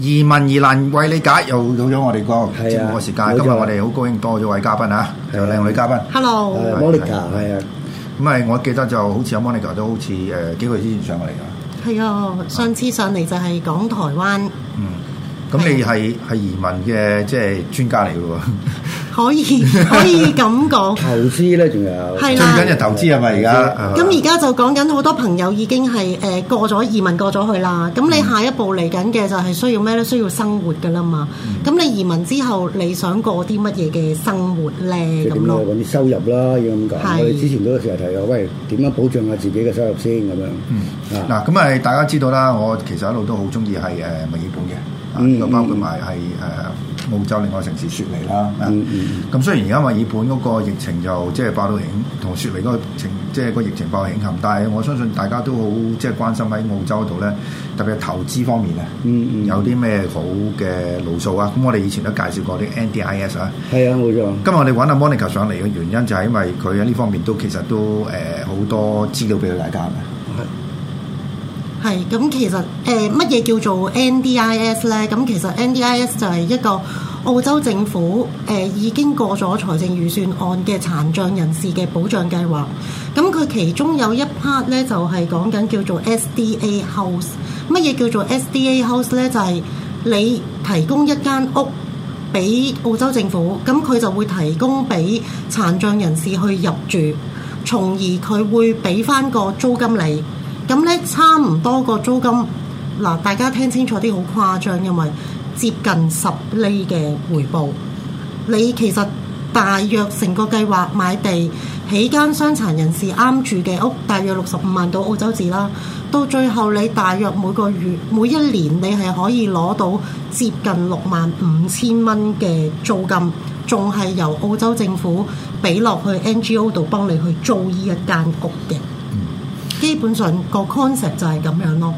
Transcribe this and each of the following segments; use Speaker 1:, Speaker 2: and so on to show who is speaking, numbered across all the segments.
Speaker 1: 移民疑難為你解，又到咗我哋個節目嘅時間。今日我哋好高興多咗位嘉賓啊，係啊靚女嘉賓。
Speaker 2: Hello，Monica，
Speaker 1: 係啊。咁 Monica, 啊，啊啊我記得就好似阿 Monica 都好似誒、呃、幾個月之前上嚟㗎。係
Speaker 2: 啊，上次上嚟就係講台灣。嗯，
Speaker 1: 咁你係係 移民嘅即係專家
Speaker 3: 嚟㗎喎。
Speaker 2: 可以可以咁講，
Speaker 3: 投資咧仲有，最緊要投資係咪而家？咁而
Speaker 2: 家就講緊好多朋友已經係誒過咗移民過咗去啦。咁你下一步嚟緊嘅就係需要咩咧？都需要生活噶啦嘛。咁你移民之後，你想過啲乜嘢嘅生活咧？咁咯，
Speaker 3: 揾啲收入啦，要咁講。我哋之前都成日提過，喂，點樣保障下自己嘅收入先咁樣。嗱咁啊，大家知道啦，我其
Speaker 1: 實一路都好中意係誒物業股嘅，又包括埋係誒。澳洲另外城市雪梨啦，咁、嗯嗯、雖然而家墨爾本嗰個疫情就即係爆到影，同雪梨嗰個情，即係個疫情爆到影咁，但係我相信大家都好即係關心喺澳洲度咧，特別係投資方面啊，嗯嗯、有啲咩好嘅路數啊？咁、嗯、我哋以前都介紹過啲 NDIS、這個、啊，係啊冇錯。今日我哋揾阿 Monica 上嚟嘅原因就係因為佢喺呢方面都其實都誒好多資料俾到大家。
Speaker 2: 係，咁、嗯、其實誒乜嘢叫做 NDIS 咧？咁其實 NDIS 就係一個澳洲政府誒、呃、已經過咗財政預算案嘅殘障人士嘅保障計劃。咁、嗯、佢其中有一 part 咧，就係、是、講緊叫做 SDA House。乜嘢叫做 SDA House 咧？就係、是、你提供一間屋俾澳洲政府，咁、嗯、佢就會提供俾殘障人士去入住，從而佢會俾翻個租金你。咁咧差唔多個租金，嗱，大家聽清楚啲，好誇張，因為接近十厘嘅回報。你其實大約成個計劃買地起間傷殘人士啱住嘅屋，大約六十五萬到澳洲紙啦。到最後你大約每個月、每一年，你係可以攞到接近六萬五千蚊嘅租金，仲係由澳洲政府俾落去 NGO 度幫你去租呢一間屋嘅。基本上個 concept 就係咁樣咯。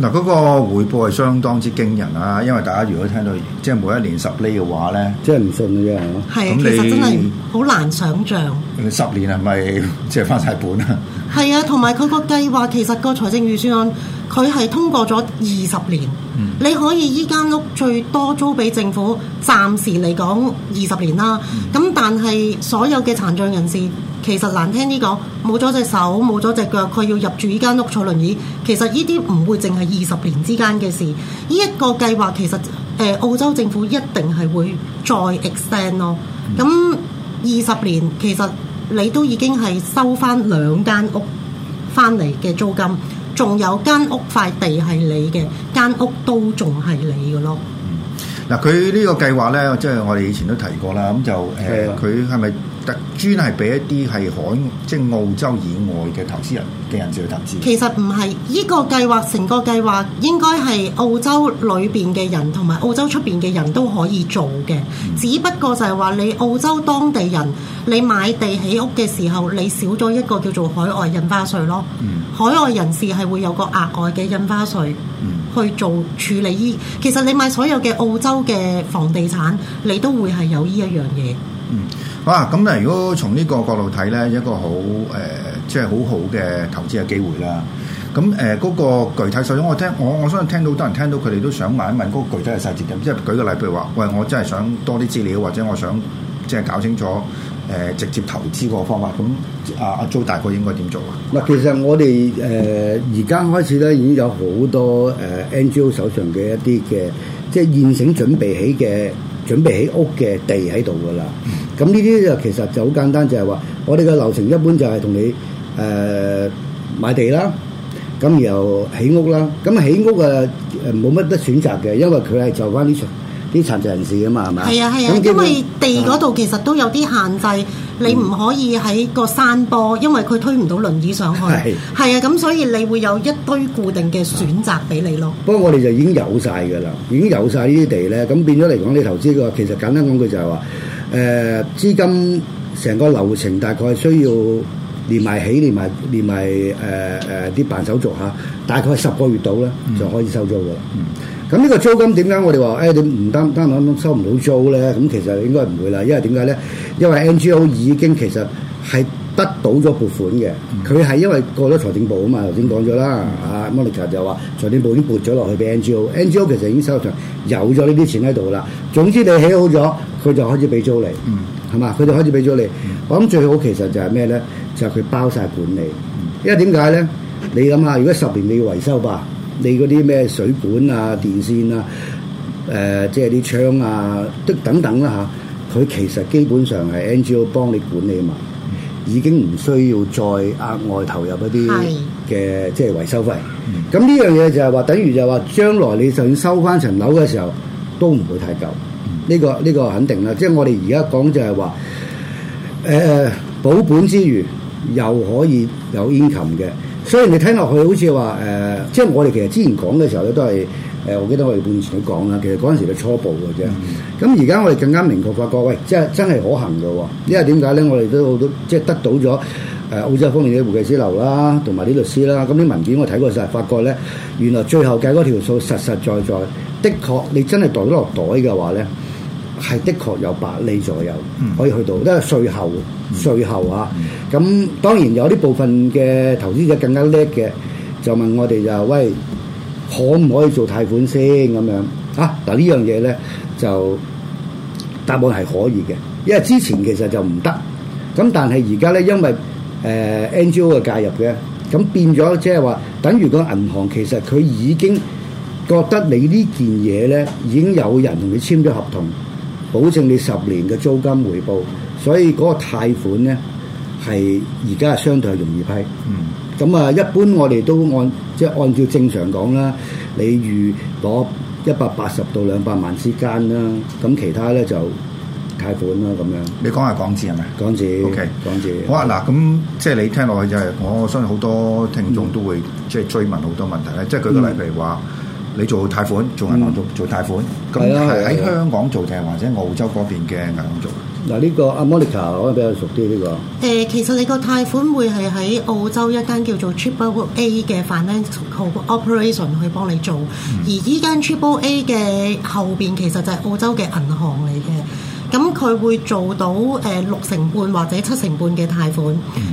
Speaker 1: 嗱，嗰個回報係相當之驚人啊，因為大家如果聽到即係每一年十厘嘅話咧，即係唔信嘅啫。係啊，其實真
Speaker 2: 係好難想象。
Speaker 1: 你十年係咪即係翻晒本啊？
Speaker 2: 係啊，同埋佢個計劃其實個財政預算案。佢係通過咗二十年，嗯、你可以依間屋最多租俾政府，暫時嚟講二十年啦。咁、嗯、但係所有嘅殘障人士，其實難聽啲、這、講、個，冇咗隻手、冇咗隻腳，佢要入住依間屋坐輪椅，其實呢啲唔會淨係二十年之間嘅事。呢一個計劃其實，誒、呃、澳洲政府一定係會再 extend 咯。咁二十年其實你都已經係收翻兩間屋翻嚟嘅租金。仲有間屋塊地係你嘅，間屋都仲係你嘅咯。嗯，
Speaker 1: 嗱，佢呢個計劃咧，即係我哋以前都提過啦。咁就誒，佢係咪？特專係俾一啲係海即澳洲以外嘅投資人嘅人去投資。其
Speaker 2: 實唔係，呢、呢個計劃成個計劃應該係澳洲裏邊嘅人同埋澳洲出邊嘅人都可以做嘅。嗯、只不過就係話你澳洲當地人你買地起屋嘅時候，你少咗一個叫做海外印花稅咯。嗯、海外人士係會有個額外嘅印花稅去做處理。呢，其實你買所有嘅澳洲嘅房地產，你都會係有呢一樣嘢。
Speaker 1: 嗯，好啊！咁咧，如果從呢個角度睇咧，一個好誒，即係好好嘅投資嘅機會啦。咁誒，嗰個具體首先我聽我我相信聽到好多人聽到佢哋都想問一問嗰具體嘅細節咁。即係舉個例，譬如話，喂，我真係想多啲資料，或者我想即係搞清楚誒、呃、直接投資個方法。咁阿阿 Joe 大哥應
Speaker 3: 該點做啊？嗱，其實我哋誒而家開始咧已經有好多誒 NGO 手上嘅一啲嘅，即係現成準備起嘅。一準備起屋嘅地喺度㗎喇，咁呢啲就其實就好簡單，就係、是、話我哋嘅流程一般就係同你誒、呃、買地啦，咁然後起屋啦，咁起屋誒誒冇乜得選擇嘅，因為佢係就翻呢場。啲殘疾人士啊嘛，係咪？係啊係啊，啊因為地嗰
Speaker 2: 度其實都有啲限制，啊、你唔可以喺個山坡，因為佢推唔到輪椅上去。係啊，咁、啊、所以你會有一堆固定嘅選擇俾你咯、啊啊。不
Speaker 3: 過我哋就已經有晒㗎啦，已經有晒呢啲地咧，咁變咗嚟講，你投資嘅話其實簡單講句就係話，誒、呃、資金成個流程大概需要連埋起、連埋連埋誒誒啲辦手續嚇、啊，大概十個月到啦，就可以收租㗎啦。嗯嗯。咁呢個租金點解我哋話誒你唔單單可能收唔到租咧？咁其實應該唔會啦，因為點解咧？因為 NGO 已經其實係得到咗撥款嘅，佢係、嗯、因為過咗財政部啊嘛，頭先講咗啦。嗯、啊，Monica 就話財政部已經撥咗落去俾 NGO，NGO、嗯、其實已經收咗有咗呢啲錢喺度啦。總之你起好咗，佢就開始俾租你，係嘛、嗯？佢就開始俾租你。嗯、我諗最好其實就係咩咧？就係、是、佢包晒管理，因為點解咧？你諗下，如果十年，十年你要維修吧？你嗰啲咩水管啊、電線啊、誒、呃、即係啲窗啊，都等等啦、啊、嚇，佢其實基本上係 NGO 幫你管理嘛，已經唔需要再額外投入一啲嘅是即係維修費。咁呢、嗯、樣嘢就係話，等於就係話將來你就收翻層樓嘅時候都唔會太舊。呢、這個呢、這個肯定啦。即、就、係、是、我哋而家講就係話，誒、呃、保本之餘又可以有 income 嘅。所以你睇落去好似話誒，即係我哋其實之前講嘅時候咧，都係誒、呃，我記得我哋半年前都講啦。其實嗰陣時都初步嘅啫。咁而家我哋更加明確發覺，喂，即係真係可行嘅。因為點解咧？我哋都好多即係得到咗誒、呃、澳洲方面嘅會計師樓啦，同埋啲律師啦。咁啲文件我睇過曬，發覺咧，原來最後計嗰條數實實在在，在的確，你真係袋得落袋嘅話咧。係的確有百釐左右、嗯、可以去到，因為稅後，稅、嗯、後啊。咁、嗯嗯、當然有啲部分嘅投資者更加叻嘅，就問我哋就話、喂，可唔可以做貸款先咁樣啊？嗱，呢樣嘢咧就答案係可以嘅，因為之前其實就唔得咁，但係而家咧，因為誒、呃、N G O 嘅介入嘅，咁變咗即係話等於個銀行其實佢已經覺得你件呢件嘢咧，已經有人同你簽咗合同。保證你十年嘅租金回報，所以嗰個貸款咧係而家係相對係容易批。嗯。咁啊，一般我哋都按即係按照正常講啦，你預攞一百八十到兩百萬之間啦。咁其他咧就貸款啦咁樣。你講下港紙係咪？港紙。OK。港紙。好啊，嗱，咁即係你聽落去就
Speaker 1: 係，我相信好多聽眾都會即係追問好多問題咧。嗯、即係舉個例譬如話。你做貸款做銀行做、嗯、做貸款咁係喺香港做定、嗯、或者澳洲嗰邊嘅銀
Speaker 3: 行做？嗱呢、個 Monica 我比較熟啲呢、個。
Speaker 2: 誒、呃，其實你個貸款會係喺澳洲一間叫做 Triple A 嘅 Financial Corporation 去幫你做，嗯、而依間 Triple A 嘅後邊其實就係澳洲嘅銀行嚟嘅。咁佢會做到誒、呃、六成半或者七成半嘅貸款。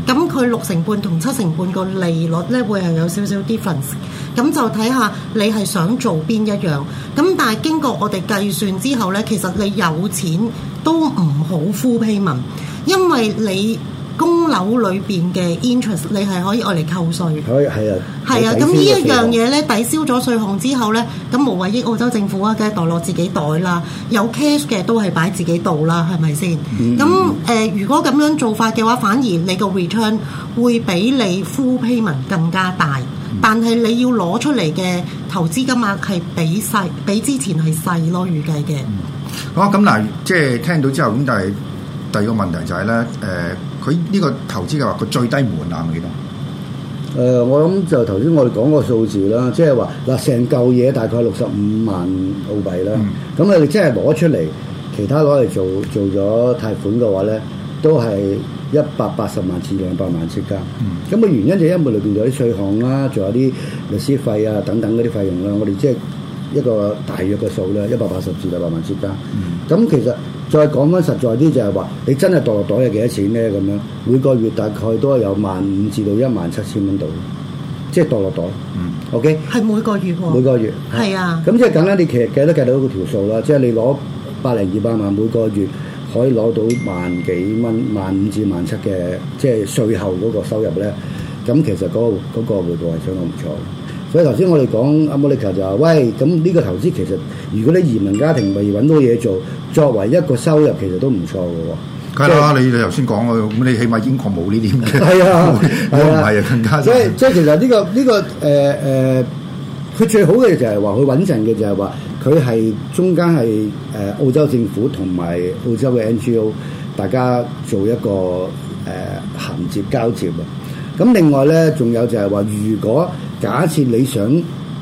Speaker 2: 咁佢六成半同七成半個利率咧會係有少少 difference。咁就睇下你係想做邊一樣。咁但係經過我哋計算之後呢，其實你有錢都唔好 full payment，因為你供樓裏邊嘅 interest 你係可以愛嚟扣稅。可
Speaker 3: 以係啊，係啊。咁呢一樣嘢
Speaker 2: 呢，抵消咗稅項之後呢，咁無謂益澳洲政府啊，梗係袋落自己袋啦。有 cash 嘅都係擺自己度啦，係咪先？咁誒、嗯呃，如果咁樣做法嘅話，反而你個 return 會比你 full payment 更加大。嗯、但係你要攞出嚟嘅投資金額係比細，比之前係細咯，預計嘅。
Speaker 1: 嗯。好咁嗱，即係聽到之後咁但係第二個問題就係、是、咧，誒、呃，佢呢個投資嘅話，佢最低門檻係幾多？
Speaker 3: 誒、呃，我諗就頭先我哋講個數字啦，即係話嗱，成嚿嘢大概六十五萬澳幣啦。咁你即係攞出嚟，其他攞嚟做做咗貸款嘅話咧，都係。一百八十萬至兩百萬之間，咁嘅、嗯、原因就因為裏邊有啲稅項啦，仲有啲律師費啊等等嗰啲費用啦。我哋即係一個大約嘅數啦，一百八十至兩百萬之間。咁、嗯、其實再講翻實在啲就係話，你真係墮落袋有幾多錢咧？咁樣每個月大概都係有萬五至到一萬七千蚊度，即係墮落袋。嗯，OK，係每個月、啊、每個月係是啊。咁即係簡單，你其實計都計到嗰條數啦？即係你攞百零二百萬每個月。可以攞到萬幾蚊、萬五至萬七嘅，即係稅後嗰個收入咧。咁其實嗰、嗰個嗰個嗰個回報係相當唔錯嘅。所以頭先我哋講阿 Monica 就話，喂，咁呢個投資其實，如果你移民家庭咪揾到嘢做，作為一個收入其實都唔錯嘅喎。
Speaker 1: 係啦，就係、你你頭先講啦，咁你起碼英國冇呢啲嘅。係啊，我唔係啊，啊更加即係即係
Speaker 3: 其實呢、呢個呢、呢個誒誒，佢、呃呃、最好嘅就係話佢穩陣嘅就係、係、話。佢係中間係誒澳洲政府同埋澳洲嘅 NGO，大家做一個誒銜接交接嘅。咁另外咧，仲有就係話，如果假設你想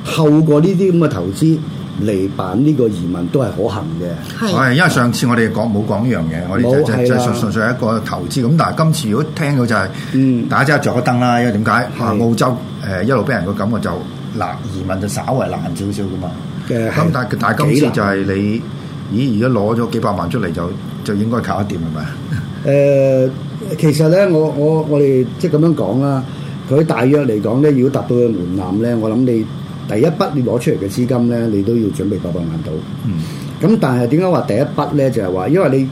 Speaker 3: 透過呢啲咁嘅投資嚟辦呢個移民，都係可行嘅。係，因為上次我哋講冇講呢樣
Speaker 4: 嘢，
Speaker 1: 我哋就，、啊、就純粹係一個投資。咁但係今次如果聽到就係、是，嗯，大家即刻着個燈啦，因為點解，嚇是澳洲誒、呃、一路俾人個感覺就難移民就稍為難少少㗎嘛。
Speaker 3: 咁、嗯、但係是今次就係
Speaker 1: 你，難咦？而家攞咗幾百萬出嚟就就應該搞得掂係咪啊？
Speaker 3: 誒，其實咧，我我我哋即係咁樣講啦。佢大約嚟講咧，如果達到個門檻咧，我諗你第一筆你攞出嚟嘅資金咧，你都要準備百萬到。咁、嗯、但係點解話第一筆咧就係話，因為你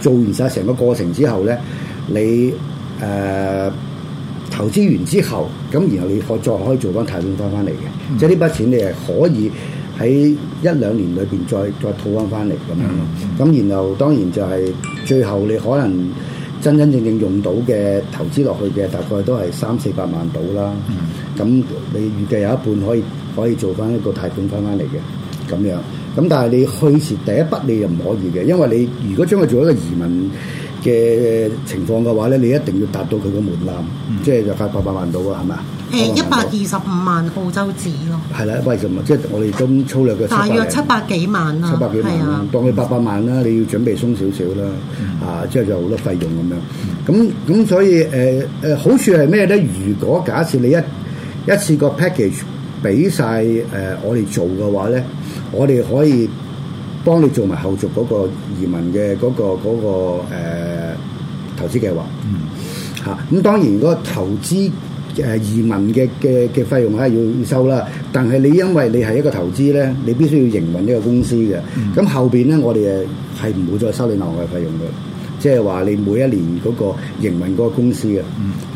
Speaker 3: 做完晒成個過程之後咧，你誒、呃、投資完之後，咁然後你可再可以做翻貸款翻翻嚟嘅。嗯、即係呢筆錢你係可以。喺一兩年裏邊再再套翻翻嚟咁樣，咁然後當然就係最後你可能真真正正用到嘅投資落去嘅大概都係三四百萬到啦。咁、嗯、你預計有一半可以可以做翻一個貸款翻翻嚟嘅咁樣。咁但係你去時第一筆你又唔可以嘅，因為你如果將佢做一個移民嘅情況嘅話咧，你一定要達到佢個門檻，嗯、即係就快八百萬到㗎，係咪？誒一百二十五萬澳洲紙咯，係啦，一百二十五萬，即係我哋咁粗略嘅，大約七百幾萬啦，
Speaker 2: 七百幾萬，
Speaker 3: 的當佢八百萬啦，你要準備鬆少少啦，嗯、啊，之後就好多費用咁樣，咁咁、嗯、所以誒誒、呃、好處係咩咧？如果假設你一一次個 package 俾晒誒、呃，我哋做嘅話咧，我哋可以幫你做埋後續嗰個移民嘅嗰、嗰個嗰、嗰個嗰個呃、投資計劃，嚇、嗯。咁、啊、當然嗰個投資。誒移民嘅嘅嘅費用梗係要要收啦，但係你因為你係一個投資咧，你必須要營運呢個公司嘅。咁、嗯、後邊咧，我哋係唔會再收你額外嘅費用嘅，即係話你每一年嗰個營運嗰個公司嘅嚇。咁、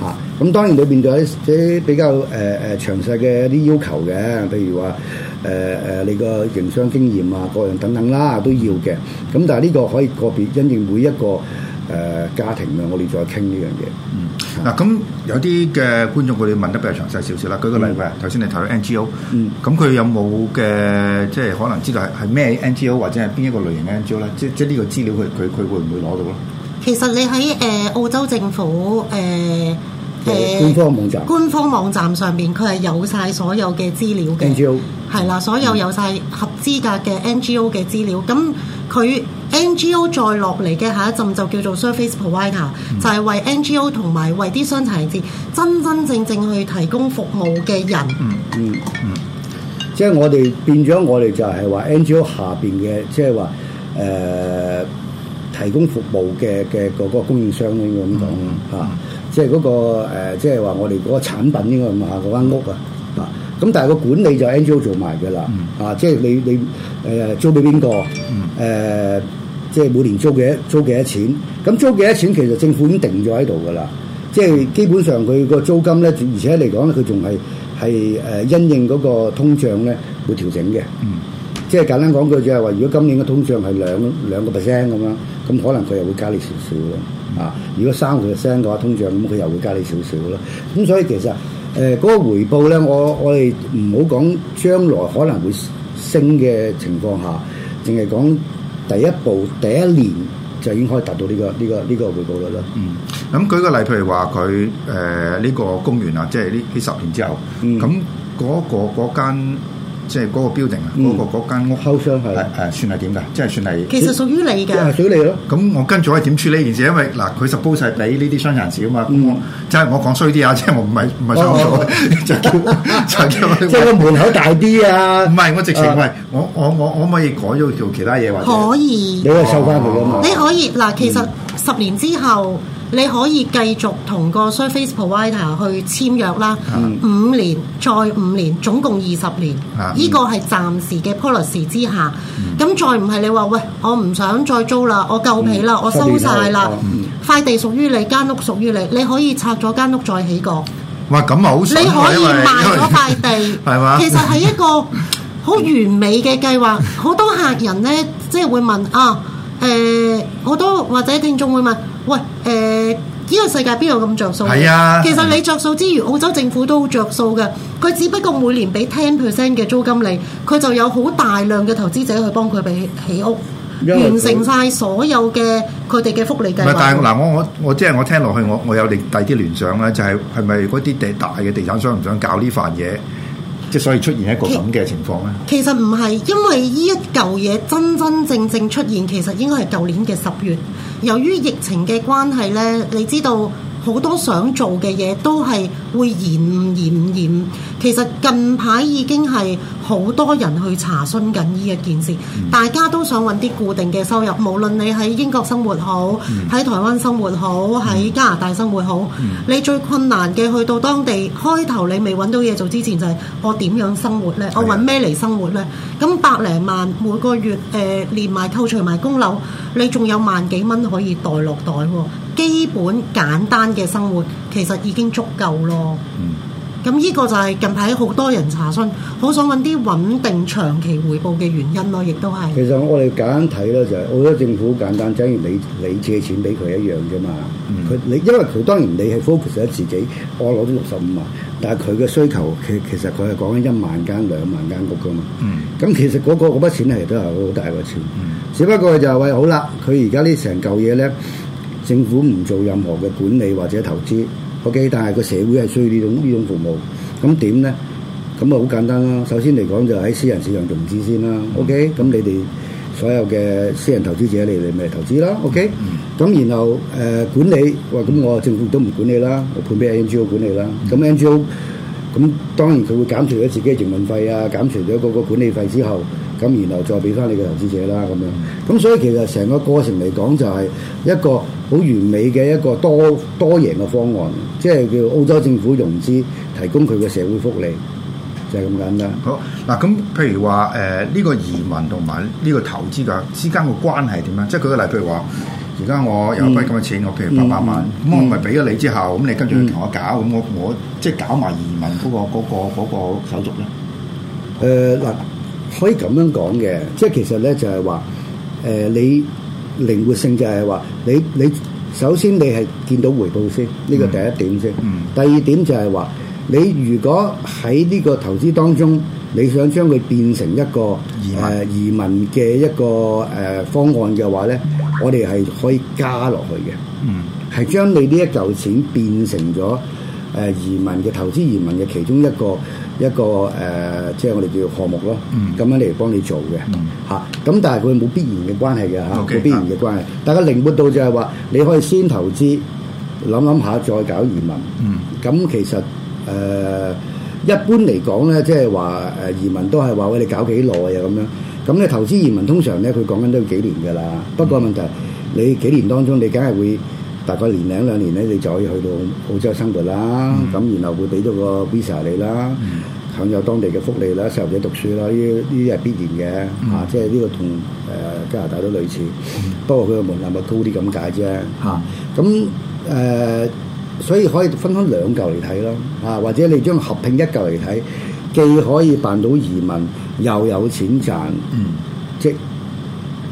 Speaker 3: 嗯啊、當然裏邊仲有啲比較誒誒、呃、詳細嘅一啲要求嘅，譬如話誒誒你個營商經驗啊、個人等等啦都要嘅。咁但係呢個可以個別因應每一個。誒、呃，家庭啊，我哋再傾呢樣嘢。嗯，嗱，咁
Speaker 1: 有啲嘅觀眾佢哋問得比較詳細少少啦。舉個例子，頭先、嗯、你提到 NGO，嗯，咁佢有冇嘅，即係可能知道係係咩 NGO 或者係邊一個類型嘅 NGO 咧？即即呢個資料佢佢佢會唔會
Speaker 3: 攞到咧？
Speaker 2: 其實你喺誒、呃、澳洲政府誒。呃欸、官方網站，官方網站上邊佢係有晒所有嘅資料嘅。NGO 係啦，所有有晒合資格嘅 NGO 嘅資料。咁佢 NGO 再落嚟嘅下一站就叫做 surface provider，、嗯、就係為 NGO 同埋為啲傷殘人士真真正正去提供服務嘅人。嗯嗯
Speaker 3: 即係我哋變咗，我哋就係話 NGO 下邊嘅，即係話誒提供服務嘅嘅嗰個供應商咁講嚇。嗯嗯嗯即係嗰、那個、呃、即係話我哋嗰個產品應該買嗰間屋啊，啊！咁但係個管理就 Angel 做埋嘅啦，啊！即係你你誒、呃、租俾邊個？誒、呃，即係每年租幾多租幾多錢？咁租幾多錢其實政府已經定咗喺度㗎啦。即係基本上佢個租金咧，而且嚟講咧，佢仲係係誒因應嗰個通脹咧會調整嘅。嗯、即係簡單講句，就係、是、話如果今年嘅通脹係兩兩個 percent 咁樣，咁可能佢又會加你少少咯。啊！如果三個 percent 嘅話，通脹咁佢又會加你少少嘅咯。咁、嗯、所以其實誒嗰、呃嗰個回報咧，我我哋唔好講將來可能會升嘅情況下，淨係講第一步第一年就應該達到呢、呢個呢、呢個呢、呢個回報率咯。嗯。
Speaker 1: 咁舉個例，譬如話佢誒呢個公園啊，即係呢幾十年之後，咁嗰、嗯嗰個嗰間。即係嗰個 building 啊，嗰個嗰間屋收商係誒算係點㗎？即係算係其實屬於你㗎，屬你咯。咁我跟住咗係點處理件事？因為嗱，佢實 suppose 晒俾呢啲商人事啊嘛。我，即係我講衰啲啊，即係我唔係唔係想，即係個門口大啲啊。唔係，我直情係，我我我可唔可以改咗做其他嘢或者？可
Speaker 2: 以，你可以收翻佢嘅嘛？你可以嗱，其實十年之後。你可以繼續同個 surface provider 去簽約啦，的五年再五年，總共二十年。呢的個係暫時嘅 policy 之下，咁的再唔係你話喂，我唔想再租啦，我夠皮啦，我收晒啦，嗯、塊地屬於你，間屋屬於你，你可以拆咗間屋再起過。
Speaker 1: 喂，咁啊好，你可以賣咗
Speaker 2: 塊地，係其實係一個好完美嘅計劃。好多客人呢，即係會問啊，誒、呃，好多或者聽眾會問，喂，誒、呃。呃呃呢個世界邊有咁着數？啊、其實你着數之餘，澳洲政府都好着數嘅。佢只不過每年俾 ten percent 嘅租金你，佢就有好大量嘅投資者去幫佢起、起屋，完成晒所有嘅佢哋嘅福利計劃。唔係，但係嗱，
Speaker 1: 我我我即係我聽落去，我我有另第啲聯想咧，就係係咪嗰啲地大嘅地產商唔想搞呢份嘢？即所以出現一個咁嘅情況咧，
Speaker 2: 其實唔係，因為呢一嚿嘢真真正正出現，其實應該係舊年嘅十月。由於疫情嘅關係咧，你知道。好多想做嘅嘢都係會延延延，其實近排已經係好多人去查詢緊呢一件事，大家都想揾啲固定嘅收入，無論你喺英國生活好，喺、嗯、台灣生活好，喺加拿大生活好，嗯、你最困難嘅去到當地開頭，你未揾到嘢做之前，就係我點樣生活呢？的我揾咩嚟生活呢？」咁百零萬每個月誒、呃、連埋扣除埋供樓，你仲有萬幾蚊可以袋落袋喎。基本簡單嘅生活其實已經足夠咯。咁呢、嗯、個就係近排好多人查詢，好想揾啲穩定長期回報嘅原因咯，亦都係。其
Speaker 3: 實我哋簡單睇咧，就係好多政府簡單，就等於你你借錢俾佢一樣啫嘛。佢你、嗯、因為佢當然你係 focus 咗自己，我攞咗六十五萬，但係佢嘅需求其其實佢係講緊一萬間兩萬間屋噶嘛。咁、嗯、其實嗰、嗰個嗰筆錢係都係好大個錢，嗯、只不過就係、是、喂好啦，佢而家呢成嚿嘢咧。政府唔做任何嘅管理或者投資，OK，但係個社會係需要呢種呢種服務，咁點咧？咁啊好簡單啦，首先嚟講就喺私人市場融資先啦，OK，咁你哋所有嘅私人投資者嚟嚟嚟投資啦，OK，咁然後誒管理，哇，咁我政府都唔管理啦，我判俾 NGO 管理啦，咁 NGO，咁當然佢會減除咗自己嘅營運費啊，減除咗嗰個管理費之後。咁然後再俾翻你嘅投資者啦，咁樣。咁所以其實成個過程嚟講，就係一個好完美嘅一個多多贏嘅方案，即係叫澳洲政府融資，提供佢嘅社會福利，就係咁簡單。好
Speaker 1: 嗱，咁譬如話誒，呢、呃呢個移民同埋呢個投資嘅之間嘅關係點樣？即係舉個例，譬如話，而家我有批咁嘅錢，嗯、我譬如八百萬，咁、嗯、我唔係俾咗你之後，咁、嗯、你跟住同我搞，咁、嗯、我我即
Speaker 3: 係、就是、搞埋移民嗰、嗰個嗰個手續咧。誒嗱。可以咁樣講嘅，即係其實咧就係話，誒、呃、你靈活性就係話，你你首先你係見到回報先，呢個第一點先。嗯、第二點就係話，你如果喺呢個投資當中，你想將佢變成一個誒、呃、移民嘅一個誒、呃、方案嘅話咧，我哋係可以加落去嘅，係、嗯、將你呢一嚿錢變成咗。誒移民嘅投資移民嘅其中一個一個誒，即、呃、係、就是、我哋叫做項目咯，咁、嗯、樣嚟幫你做嘅嚇。咁、嗯啊、但係佢冇必然嘅關係嘅嚇，冇 Okay ,、uh, 必然嘅關係。大家靈活到就係話，你可以先投資，諗諗下再搞移民。咁、嗯嗯、其實誒、呃、一般嚟講咧，即係話誒移民都係話喂你搞幾耐啊咁樣。咁你投資移民通常咧，佢講緊都要幾年㗎啦。不過問題，你幾年當中你梗係會。大概年零兩年咧，你就可以去到澳洲生活啦。咁然後會俾到個 visa 你啦，享有當地嘅福利啦、細路仔讀書啦，呢啲呢啲係必然嘅嚇。即係呢個同誒加拿大都類似，不過佢嘅門檻咪高啲咁解啫嚇。咁誒，所以可以分開兩嚿嚟睇咯嚇，或者你將合拼一嚿嚟睇，既可以辦到移民又有錢賺，即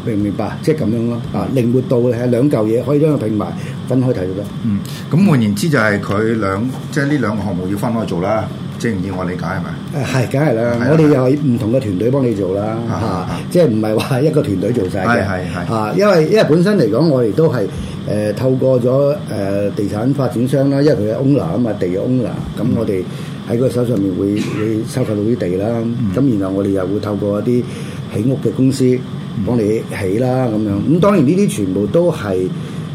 Speaker 3: 明唔明白？即係咁樣咯嚇，靈活度係兩嚿嘢可以將佢拼埋。分開睇嘅咯，嗯，咁換言之就係佢兩，即係呢兩個項目
Speaker 1: 要分開做啦，即係唔知我理解係咪？
Speaker 3: 誒係，梗係啦，啊、我哋又係唔同嘅團隊幫你做啦，嚇，即係唔係話一個團隊做晒嘅，係係係，因為、啊啊、因為本身嚟講我，我哋都係誒透過咗誒、呃、地產發展商啦，因為佢係 owner 啊嘛，地 owner，咁我哋喺佢手上面會會收購到啲地啦，咁、嗯、然後我哋又會透過一啲起屋嘅公司幫你起啦，咁樣，咁當然呢啲全部都係。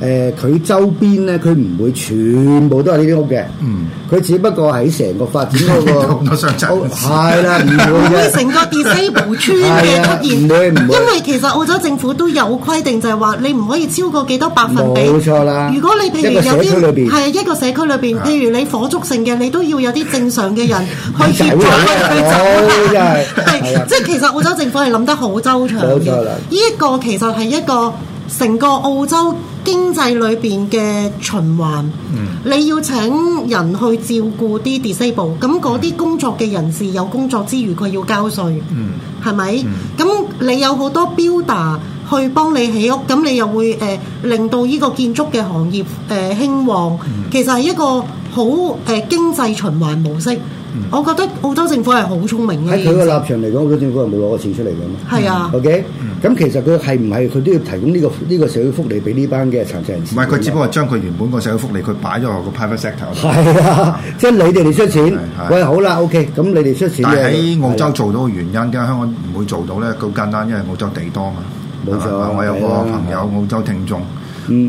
Speaker 3: 誒佢周邊咧，佢唔會全部都係呢啲屋嘅。嗯，佢只不過喺成個發展區。有咁多商場。係啦，唔會成個 disable 村嘅出現。唔會，因為
Speaker 2: 其實澳洲政府都有規定，就係話你唔可以超過幾多百分比。冇
Speaker 3: 錯啦。如果你譬如有啲係
Speaker 2: 一個社區裏邊，譬如你火燭性嘅，你都要有啲正常嘅人去協助佢走啦。係，即係其實澳洲政府係諗得好周詳嘅。冇錯啦。呢一個其實係一個，成個澳洲經濟裏邊嘅循環，嗯、你要請人去照顧啲 disabled，咁嗰啲工作嘅人士有工作之餘佢要交稅，係咪？咁你有好多 builder 去幫你起屋，咁你又會誒、呃、令到呢個建築嘅行業誒興、呃、旺，其實係一個好誒、呃、經濟循環模式。我覺得澳洲政府係好聰明嘅。喺佢嘅立
Speaker 3: 場嚟講，澳洲政府係冇攞個錢出嚟㗎嘛。係啊。O K，咁其實佢係唔係佢都要提供呢個呢個社會福利俾呢班嘅殘疾人士？唔係，佢只不過將佢原本個
Speaker 1: 社會福利佢擺咗落個 private sector。係啊，即係你哋嚟出錢。喂，
Speaker 3: 好啦，O K，咁你哋出錢。但係喺澳洲
Speaker 1: 做到嘅原因，點解香港唔會做到咧，好簡單，因為澳洲地多啊嘛。冇錯，我有個朋友澳洲聽眾，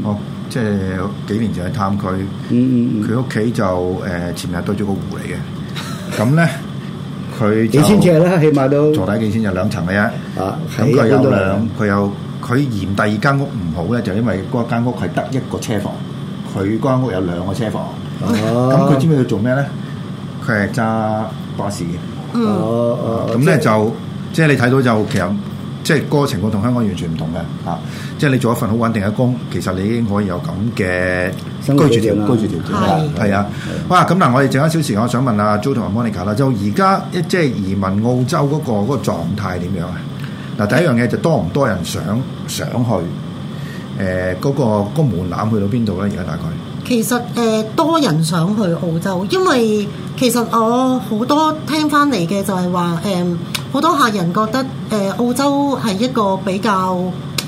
Speaker 1: 我即係幾年前去探佢，佢屋企就誒前日對住個湖嚟嘅。咁咧，佢幾千尺啦，起碼都坐底幾千就兩層嘅啫。啊，咁佢有兩，佢有佢嫌第二間屋唔好咧，就因為嗰間屋係得一個車房，佢間屋有兩個車房。哦，咁佢知唔知佢做咩咧？佢係揸巴士嘅。嗯，咁咧就即係你睇到就強。即係嗰個情況同香港完全唔同嘅，嚇、啊！即係你做一份好穩定嘅工，其實你已經可以有咁嘅居住條居住條件。係啊，哇、啊！咁嗱、啊，我哋剩翻少時，我想問阿、啊、Joe 同埋 Monica 啦。就而家即係移民澳洲嗰、那個嗰、那個狀態點樣啊？嗱，第一樣嘢就多唔多人想想去？誒、呃，嗰、那個嗰、那個、門檻去到邊度咧？而家大概？
Speaker 2: 其實誒、呃，多人想去澳洲，因為其實我好多聽翻嚟嘅就係話誒。就是好多客人覺得，呃，澳洲係一個比較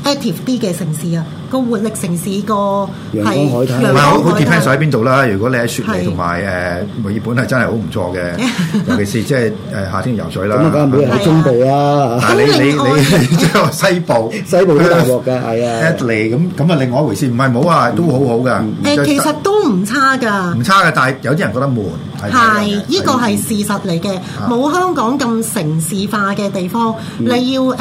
Speaker 2: active 啲嘅城市啊。個活力城市，個陽光海灘，唔係好好，depends 喺
Speaker 1: 邊度啦！如果你喺雪梨同埋誒墨爾本係真係好唔錯嘅，尤其是即係誒夏天游水啦，咁啊梗係唔會冇中地啦。
Speaker 3: 嗱，你你你即
Speaker 1: 係話西部，西部咧，大鑊㗎。咁咁啊另外一回事，唔係冇啊，都好好噶。誒其實
Speaker 2: 都唔差㗎，唔
Speaker 1: 差嘅，但係有啲人覺得悶，係依個
Speaker 2: 係事實嚟嘅，冇香港咁城市化嘅地方，你要誒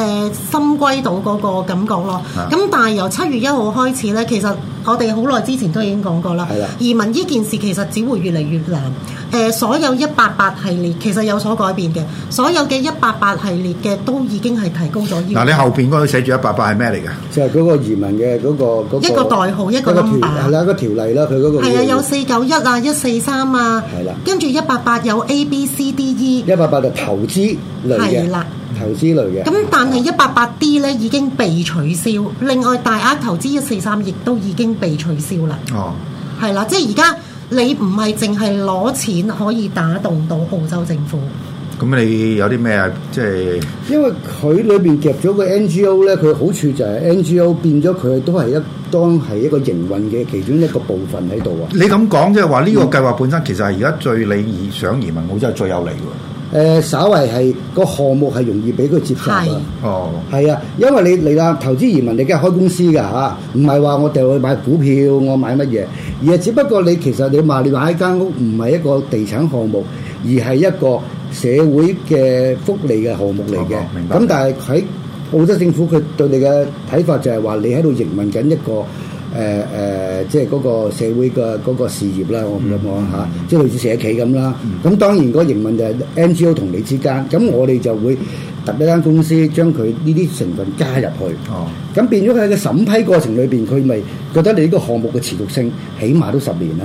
Speaker 2: 深歸到嗰個感覺咯。咁但係由七月一我開始咧，其實我哋好耐之前都已經講過啦。係啊，移民呢件事其實只會越嚟越難。誒、呃，所有一八八系列其實有所改變嘅，所有嘅一八八系列嘅都已經係提高咗。嗱，你後
Speaker 3: 邊嗰個寫住一八八係咩嚟㗎？就係嗰個移民嘅嗰、那個，那個、一個代號，一個 number，係啦，一個條例啦，佢嗰個係啊，有四
Speaker 2: 九一啊，一四三啊，係啦，跟住一八八有 A B C D
Speaker 3: E，一八八嘅投資類嘅，係啦。投資類嘅，咁
Speaker 2: 但係一八八 D 咧已經被取消，另外大額投資一四三亦都已經被取消啦。哦，係啦，即係而家你唔係淨係攞錢可以打動到澳洲政府。
Speaker 1: 咁你有啲咩啊？即
Speaker 3: 係因為佢裏邊夾咗個 NGO 咧，佢好處就係 NGO 變咗，佢都係一當係一個營運嘅其中一個部分喺度啊。
Speaker 1: 你咁講即係話呢個計劃本身其實係而家最理想移民澳洲，即係最有利喎。
Speaker 3: 誒、呃、稍為係個項目係容易俾佢接受啦，哦是，係啊，因為你嚟啦投資移民，你梗係開公司㗎嚇，唔係話我哋去買股票，我買乜嘢，而係只不過你其實你話你買一間屋唔係一個地產項目，而係一個社會嘅福利嘅項目嚟嘅，明白，咁但係喺澳洲政府佢對你嘅睇法就係、是、話你喺度移民緊營運緊一個。誒誒、呃，即係嗰個社會嘅嗰個事業啦，mm hmm. 我咁講嚇，即係類似社企咁啦。咁、mm hmm. 當然個營運就係 NGO 同你之間，咁我哋就會揼一間公司將佢呢啲成分加入去。哦，咁變咗佢喺個審批過程裏邊，佢咪覺得你呢個項目嘅持續性起碼都十年啦，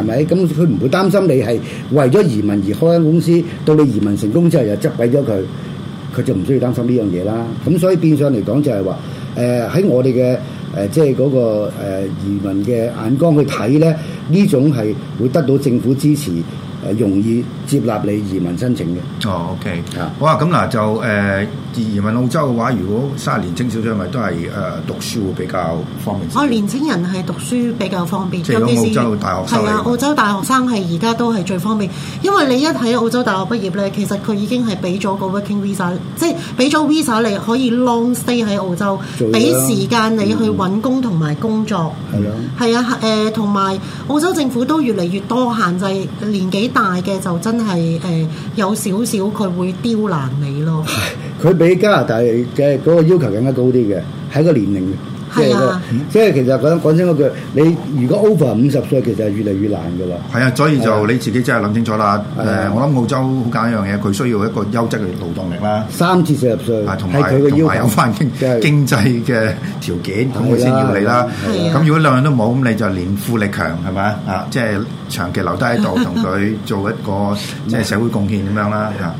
Speaker 3: 係咪、mm？咁佢唔會擔心你係為咗移民而開間公司，到你移民成功之後又執鬼咗佢，佢就唔需要擔心呢樣嘢啦。咁所以變相嚟講就係話，誒、呃、喺我哋嘅。誒、呃，即係嗰、嗰個誒、呃、移民嘅眼光去睇咧，呢種係會得到政府支持，誒、呃，容易接納你移民申請嘅。哦，OK，吓，好啊，咁
Speaker 1: 嗱就誒。呃而移民澳洲嘅話，如果卅年青少少咪都係誒、呃、讀書會比較方便。哦，年
Speaker 2: 青人係讀書比較方便，尤其是係澳洲大學生。係啊，澳洲大學生係而家都係最方便，因為你一喺澳洲大學畢業咧，其實佢已經係俾咗個 working visa，即係俾咗 visa 你可以 long stay 喺澳洲，俾時間你去揾工同埋工作。係啊，係啊，誒同埋澳洲政府都越嚟越多限制，年紀大嘅就真係誒、呃、有少少佢會刁難你咯。
Speaker 3: 佢比加拿大嘅嗰個要求更加高啲嘅，係個年齡，即係即係其實講講真嗰句，你如果 over 五十歲，其實越嚟越難噶啦。
Speaker 1: 係啊，所以就你自己真係諗清楚啦。誒，我諗澳洲好簡單一樣嘢，佢需要一個優質嘅勞動力啦。三至四十歲，同埋同埋有翻經經濟嘅條件，咁佢先要你啦。咁如果兩樣都冇，咁你就年富力強係咪？啊，即係長期留低喺度，同佢做一個即係社會貢獻咁樣啦。啊。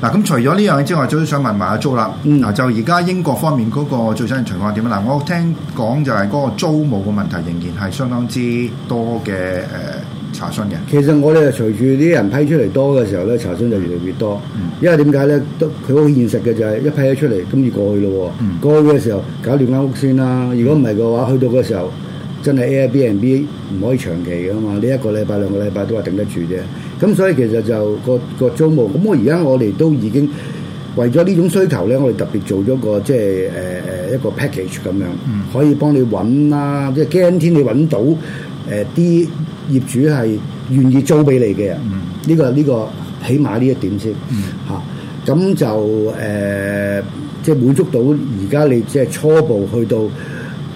Speaker 1: 嗱，咁除咗呢樣嘢之外，最想問埋阿 Joe 啦。嗱、嗯，就而家英國方面嗰個最新嘅情況係點樣？嗱，我聽講就係嗰個租務嘅問題仍然係相當之多嘅誒、呃、查詢嘅。
Speaker 3: 其實我哋就隨住啲人批出嚟多嘅時候咧，查詢就越嚟越多。嗯、因為點解咧？都佢好現實嘅就係一批咗出嚟，跟住過去咯喎。嗯、過去嘅時候搞亂間屋先啦。如果唔係嘅話，嗯、去到嗰時候真係 Airbnb 唔可以長期㗎嘛。呢一個禮拜兩個禮拜都係頂得住啫。咁所以其實就、嗰個、嗰個租務，咁我而家我哋都已經為咗呢種需求咧，我哋特別做咗個即係誒誒一個,個 package 咁樣，可以幫你揾啦、啊，即係驚天你揾到誒啲、呃、業主係願意租俾你嘅。呢、這個呢、這個起碼呢一點先嚇，咁、啊、就誒、呃、即係滿足到而家你即係初步去到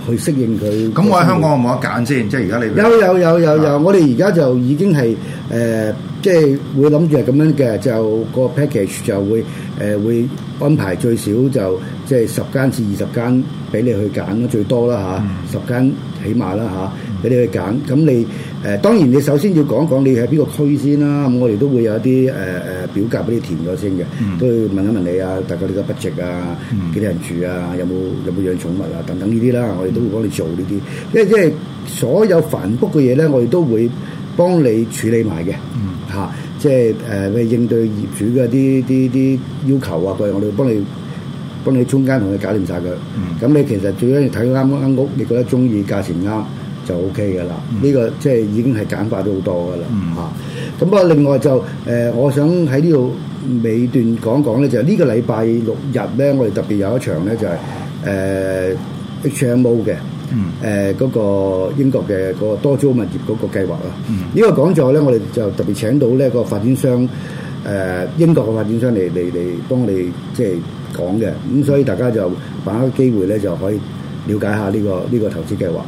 Speaker 3: 去適應佢。咁我喺香港有
Speaker 1: 冇得揀先？即係而家你有,有有
Speaker 3: 有有有，啊、我哋而家就已經係誒。呃即係會諗住係咁樣嘅，就個 package 就會誒會安排最少就即係十間至二十間俾你去揀咯，最多啦吓，十間起碼啦吓，俾你去揀。咁你誒當然你首先要講講你喺邊個區先啦。咁我哋都會有一啲誒誒表格俾你填咗先嘅，都會問一問你啊，大概你嘅 budget 啊，幾多人住啊，有冇有冇養寵物啊，等等呢啲啦，我哋都會幫你做呢啲，因為即係所有繁複嘅嘢咧，我哋都會幫你處理埋嘅。嚇、啊，即係誒，咩、呃、應對業主嘅啲啲啲要求啊？嗰啲我哋幫你幫你中間同佢搞掂晒佢。咁、嗯、你其實最緊要睇啱一間屋，你覺得中意價錢啱就 OK 嘅啦。呢、嗯這個即係已經係簡化咗好多嘅啦。嚇、嗯，咁啊，另外就誒、呃，我想喺呢度尾段講一講咧，就呢、是、個禮拜六日咧，我哋特別有一場咧，就係誒 HMO 嘅。呃嗯，誒嗰、呃那個、英國嘅嗰多租物業嗰個計劃啦，呢、嗯、個講座咧，我哋就特別請到呢、那個發展商，誒、呃、英國嘅發展商嚟嚟嚟幫你即係、就是、講嘅，咁、嗯、所以大家就把握機會咧就可以了解下呢、這個呢、這個投資計劃。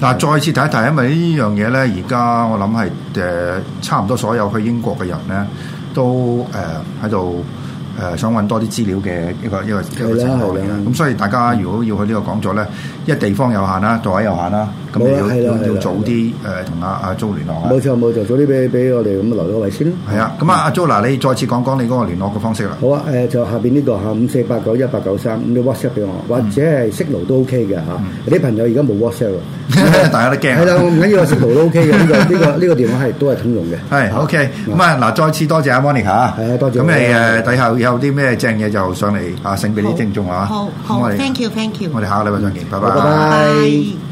Speaker 1: 嗱、嗯，再次提一提，因為樣呢樣嘢咧，而家我諗係誒差唔多所有去英國嘅人咧，都誒喺度。呃誒、呃、想揾多啲資料嘅一個一個一個程度啦，咁的所以大家如果要去呢個講座呢，一，嗯、因為地方有限啦，座位有限啦。嗯冇，係啦，要早啲誒同阿阿 Jo 聯
Speaker 3: 絡。冇錯，冇錯，早啲俾俾我哋咁留個位先啦。
Speaker 1: 係啊，咁啊，阿 Jo 嗱，你再次講講你嗰個聯絡
Speaker 3: 嘅方式啦。好啊，誒就下邊呢度，嚇，五四八九一八九三，咁你 WhatsApp 俾我，或者係 Signal 都 OK 嘅嚇。啲朋友而家冇 WhatsApp 喎，大家都驚。係啦，唔緊要 Signal 都 OK 嘅，呢個呢個呢個電話係都係通用嘅。係 OK，咁啊嗱，再次多謝阿 Monica 嚇，係啊，多謝咁誒，
Speaker 1: 底下有啲咩正嘢就上嚟嚇，送俾啲聽眾啊。好，好
Speaker 2: ，Thank you，Thank you。我哋
Speaker 1: 下個禮拜再見，拜拜。